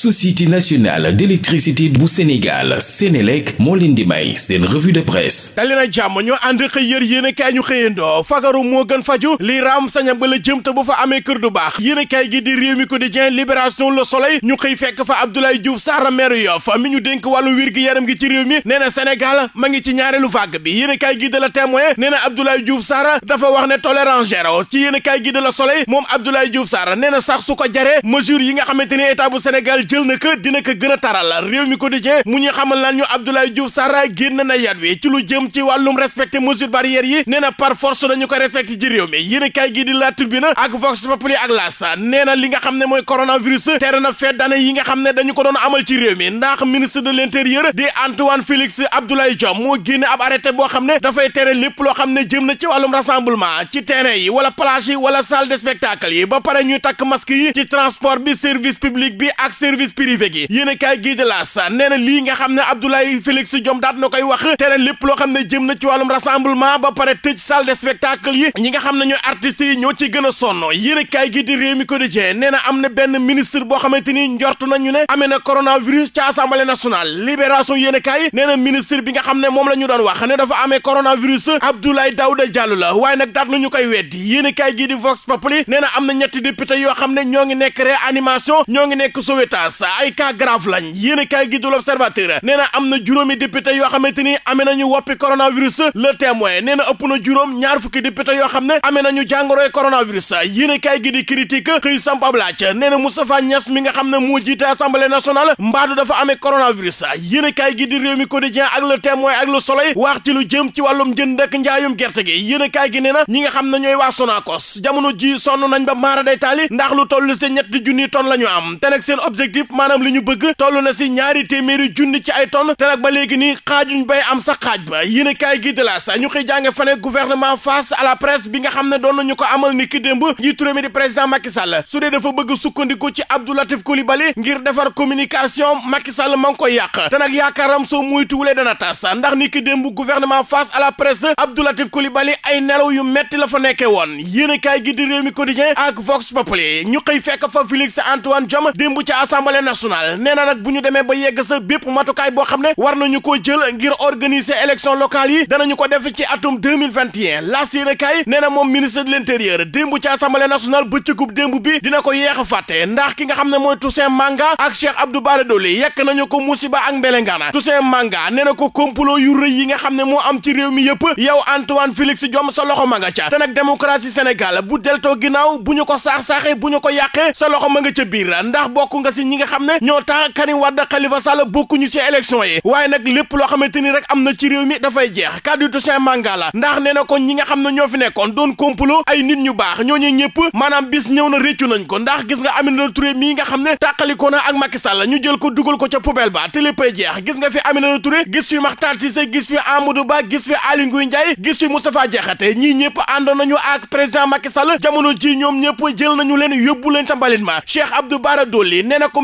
société nationale d'électricité bu Sénégal Sénélec moo leen di may seen revue de presse dali na jàmm ñu ànd xëy yër yéenekaay ñu xëyandoo fagaru moo gën faju lii raam saña ba la jëm te bu fa amee kër du baax yéenekaay gi di Rewmi Quotidien Libération Le Soleil ñu xëy fekk fa Abdoulaye Diouf Sarr meeru Yoff mi ñu dénk wàllu wér gi yaram gi ci réew mi nee na senegal ma ngi ci ñaareelu vague bi yéenekaay gi de la Témoin nee na Abdoulaye dafa wax ne tolérance zéro ci yéenekaay gi de la Soleil moom Abdoulaye Diouf Sarr nee na sax su ko jaree mesure yi nga xamante ni état bu jël na ko dina ko gën a taral réew mi quotidien mu ñu xamal lan ñu Abdoulaye Diouf Sarr génn na yat wi ci lu jëm ci wàllum respecté mesure barrière yi nee na dañu ko respecté ci réew mi yéen a kaay gii di La Tribune ak Vox Populi ak L'As nee li nga xam ne mooy coronavirus tere na fête d'année yi nga xam ne dañu ko doon amal ci réew mi ndax ministre de l'intérieur di Antoine Félix Abdoulaye Diome moo génne ab arrêté boo xam ne dafay tere lépp loo xam ne jëm na ci wàllum rassemblement ci terrain yi wala plage yi wala salle de spectacle yi ba pare ñuy takk masque bi service service privé gi yéen a kaay gii di lii nga xam ne Abdoulaye Félix Diome daat na koy wax tere lépp loo xam ne jëm na ci wàllum rassemblement ba pare tëj salle de spectacle yi ñi nga xam ne ñooy artistes yi ñoo ci gën a sonn yéen a réew mi quotidien nee na am na benn ministre boo xamante ni njort nañu ne amee na coronavirus ca assemblée nationale libération yéen a kaay nee na ministre bi nga xam ne moom la ñu doon wax ne dafa amee coronavirus Abdoulaye Daouda Diallo la waaye nag daat nañu di Vox Populi na am xam ne ñoo ngi nekk réanimation ñoo ngi nekk Soweta Seras ay cas grave lañ yéen kaay gi du l'Observateur nee na am na juróomi député yoo xamante ni amee nañu woppi coronavirus le témoin nee na ëpp na juróom ñaar fukki député yoo xam ne amee nañu jàngoroy coronavirus yéen kaay gi di critique xëy sampab laaj nee na Moustapha Niass mi nga xam ne moo jiite assemblée nationale mbaadu dafa amee coronavirus yéen kaay gi di réew mi quotidien ak le témoin ak le soleil wax ci lu jëm ci wàllum jënd ak njaayum gerte gi yéen kaay gi nee na ñi nga xam ne ñooy waa Sonacos jamono ji sonn nañ ba maara day taali ndax lu toll ci ñetti junni tonnes la ñu am te nag seen objectif dip maanaam li ñu bëgg toll na si ñaari téeméeri junni ci ay tonnes te nag ba léegi nii xaajuñ bay am sa xaaj ba yéen a kaay gi de la sa ñu xëy jànge fane gouvernement face à la presse bi nga xam ne doon nañu ko amal ni ki démb njiitu réew mi di président Macky Sall su dee dafa bëgg sukkandiku ci Abdou Latif Coulibaly ngir defar communication Macky Sall ma ngi koy yàq te nag yaakaaram soo muytuwulee dana tas ndax ni ki démb gouvernement face à la presse Abdou Latif ay nelaw yu metti la fa nekkee woon yéen a kaay gi di réew mi quotidien ak Vox fekk fa Félix Antoine Diome démb ci assemblée assemblée nationale nee na nag bu ñu demee ba yegg sa bépp matukaay boo xam ne war nañu ko jël ngir organiser élection locale yi danañu ko def ci atum 2021 laas yéene kaay moom ministre de l'intérieur démb ci assemblée nationale bëccëgub démb bi dina ko yeex a fàtte ndax ki nga xam ne mooy Toussaint Manga ak Cheikh Abdou Bara Dolly yekk nañu ko musiba ak mbelengaana Toussaint Manga nee ko complot yu rëy yi nga xam ne moo am ci réew mi yëpp yow Antoine Félix Diome sa l ma nga ca te nag démocratie Sénégal bu deltoo bu ñu ko saax-saaxe bu ñu ko yàqee sa loxo ma nga ca biir ndax bokk nga xam ne ñoo tax Karim Wade Khalifa Sall bokkuñu ci élection yi waaye nag lépp loo xamante ni rek am na ci réew mi dafay jeex kaddu Toussaint Mangala ndax nee na ko ñi nga xam ne ñoo fi nekkoon doon complot ay nit ñu baax ñooñu ñëpp maanaam bis ñëw na réccu nañ ko ndax gis nga Aminata Touré mii nga xam ne tàqalikoo na ak Macky Sall ñu jël ko dugal ko ca poubelle ba te léppay jeex gis nga fi Aminata Touré gis fi Makhtar Cissé gis fi Amadou Ba gis fi Aly Ngouille Ndiaye gis fi Moustapha Diakhaté ñii ñëpp àndoon nañu ak président Macky Sall jamono ji ñoom ñëpp jël nañu leen yóbbu leen ca mbalit ma Cheikh Abdou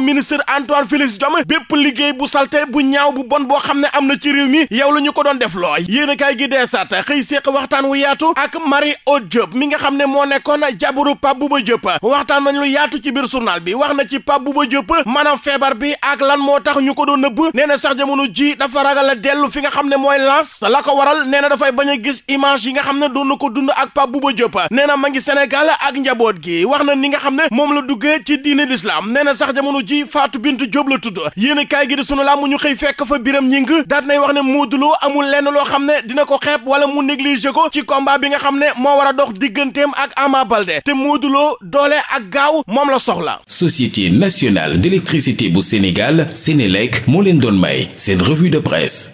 ministre Antoine Félix Diome bépp liggéey bu salte bu ñaaw bu bon boo xam ne am na ci réew mi yow la ñu ko doon def loo yéen a kaay gi dee sat xëy séq waxtaan wu yaatu ak Marie Aude Diop mi nga xam ne moo nekkoon na jabaru Pape Bouba Diop waxtaan nañ lu yaatu ci biir journal bi wax na ci bu Bouba ëpp maanaam feebar bi ak lan moo tax ñu ko doon nëbb nee na sax jamono ji dafa ragal a dellu fi nga xam ne mooy lance la ko waral nee na dafay bañ a gis image yi xam ne doon na ko dund ak Pape Bouba Diop nee na ma Sénégal ak njaboot gi wax na ni nga xam ne moom la duggee ci diine l'islam nee na sax jamono ji faatu Bintou Diop la tudd yéen kaay gi di sunu mu ñu xëy fekk fa Biram Ñing daat nay wax ne Modou Lo amul lenn loo xam ne dina ko xeeb wala mu négligé ko ci combat bi nga xam ne moo war a dox digganteem ak Ama Baldé te Modou doole ak gaaw moom la soxla. Société nationale d'électricité bu Sénégal Sénélec moo leen doon may seen revue de presse.